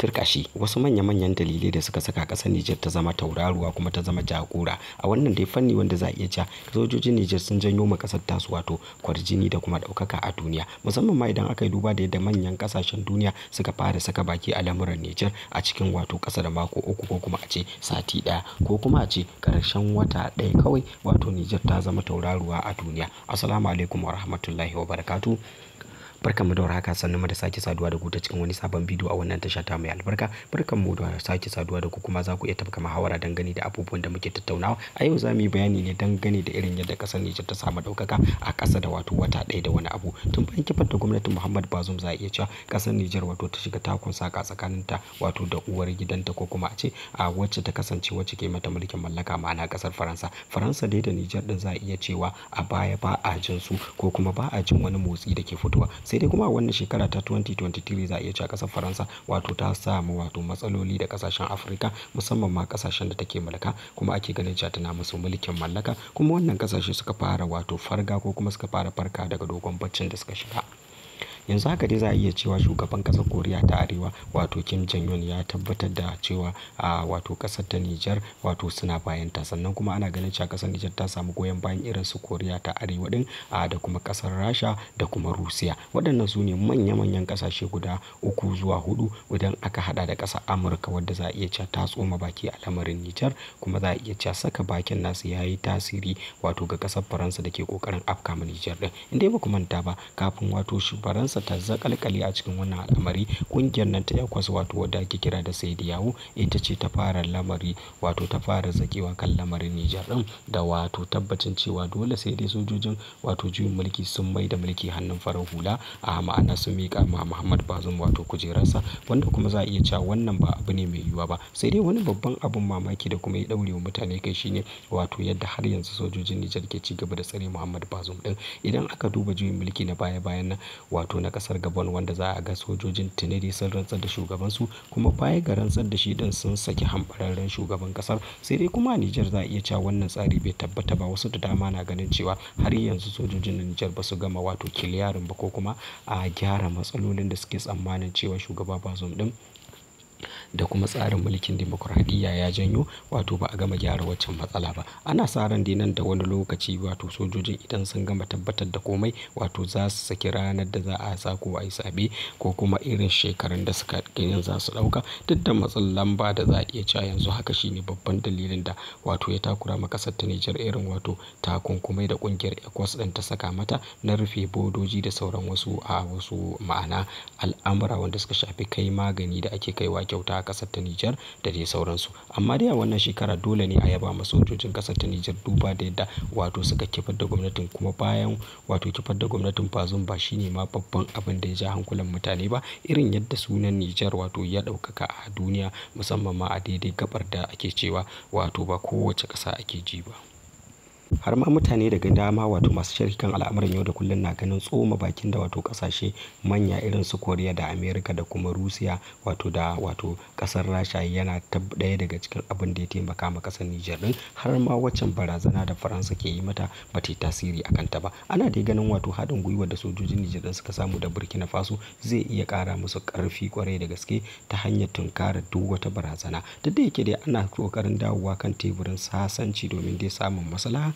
turkashi wasu manya-manyan dalilai da suka saka ƙasar Nijar ta zama tauraruwa kuma ta zama jagora a wannan dai fanni wanda za a iya cewa sojojin Nijar sun janyo ma ƙasar tasu wato kwarjini da kuma ɗaukaka a duniya musamman ma idan aka yi duba da yadda manyan ƙasashen duniya suka fara saka baki a lamuran Nijar a cikin wato ƙasa da mako uku ko kuma a ce sati ɗaya ko kuma a ce ƙarshen wata ɗaya kawai wato Nijar ta zama tauraruwa a duniya assalamu alaikum wa rahmatullahi wa barakatu mu da warhaka sannan da sake saduwa da ku ta cikin wani sabon bidiyo a wannan tasha ta mai albarka mu da sake saduwa da ku kuma za ku iya tafka muhawara dangane da abubuwan da muke tattaunawa a yau za mu yi bayani ne dangane da irin yadda kasar Nijar ta samu ɗaukaka a ƙasa da wato wata ɗaya da wani abu tun bayan kifar da gwamnatin Muhammad Bazoum za a iya cewa kasar Nijar wato ta shiga takun saka ta wato da uwar gidanta ko kuma a ce a wacce ta kasance wacce ke mata mulkin mallaka ma'ana kasar Faransa Faransa dai da Nijar din za a iya cewa a baya ba a jin su ko kuma ba a jin wani motsi da ke fitowa sai dai kuma wannan shekara ta 2023 za a iya cewa kasar faransa wato ta samu wato matsaloli da kasashen afirka musamman ma kasashen da take mulka kuma ake ganin cewa tana musu mulkin mallaka kuma wannan kasashe suka fara wato farga ko kuma suka fara farka daga dogon baccin da suka shiga yanzu haka dai za a iya cewa shugaban kasar koriya ta arewa wato kim jong un ya tabbatar da cewa a wato kasar ta nijar wato suna bayanta sannan kuma ana ganin cewa kasar nijar ta samu goyon bayan irin su koriya ta arewa din da kuma ƙasar rasha da kuma rusiya waɗannan su ne manya-manyan kasashe guda uku zuwa hudu idan aka hada da ƙasar amurka wadda za a iya cewa ta tsoma baki a lamarin nijar kuma za a iya cewa saka bakin nasu ya yi tasiri wato ga ƙasar faransa da ke kokarin afka ma nijar din inda ba ku manta ba kafin wato faransa ƙasarsa ta zakalkale a cikin wannan al'amari ƙungiyar nan ta yakwas wato wadda ake kira da sai yawo ita ce ta fara lamari wato ta fara zakewa kan lamarin Nijar ɗin da wato tabbacin cewa dole sai dai sojojin wato juyin mulki sun mai da mulki hannun farar hula a ma'ana sun mika ma Muhammad Bazum wato kujerarsa wanda kuma za a iya cewa wannan ba abu ne mai yiwuwa ba sai dai wani babban abun mamaki da kuma ya daure wa mutane kai shi ne wato yadda har yanzu sojojin Nijar ke ci gaba da tsare Muhammad Bazum ɗin idan aka duba juyin mulki na baya-bayan nan wato na kasar gabon wanda za a ga sojojin tiniri sun rantsar da shugabansu kuma baya ga rantsar da shi din sun saki hanbararren shugaban kasar sai dai kuma nijar za a iya cewa wannan tsari bai tabbata ba wasu da dama na ganin cewa har yanzu sojojin nijar ba su gama wato kiliyarin ba ko kuma a gyara matsalolin da suke tsammanin cewa shugaba bazum din da kuma tsarin mulkin dimokuraɗiyya ya janyo wato ba a gama gyara waccan matsala ba ana sa ran dai nan da wani lokaci wato sojojin idan sun gama tabbatar da komai wato za su saki ranar da za a sa ko a yi sabe ko kuma irin shekarun da suka ganin za su ɗauka duk da matsin lamba da za a iya cewa yanzu haka shine babban dalilin da wato ya takura ma ƙasar ta Nijar irin wato takunkumai da ƙungiyar ECOWAS ɗin ta saka mata na rufe bodoji da sauran wasu a wasu ma'ana al'amura wanda suka shafi kai magani da ake kaiwa kyauta a kasar ta Nijar da dai sauransu amma dai a wannan shekara dole ne a yaba ma sojojin kasar ta Nijar duba da yadda wato suka kifar da gwamnatin kuma bayan wato kifar da gwamnatin Bazoum ba shine ma babban abin da ya ja hankulan mutane ba irin yadda sunan Nijar wato ya ɗaukaka a duniya musamman ma a daidai gabar da ake cewa wato ba kowace kasa ake ji ba. har ma mutane daga dama wato masu sharhi kan al'amuran yau da kullum na ganin tsoma bakin da wato kasashe manya irin su koriya da amerika da kuma rusiya wato da wato kasar rasha yana ɗaya daga cikin abin da ya taimaka ma kasar nijar din har ma waccan barazana da faransa ke yi mata ba ta tasiri a kanta ba ana dai ganin wato haɗin gwiwa da sojojin nijar din suka samu da burkina faso zai iya kara musu ƙarfi kwarai da gaske ta hanyar tunkarar duk wata barazana duk da yake dai ana ƙoƙarin dawowa kan teburin sasanci domin dai samun maslaha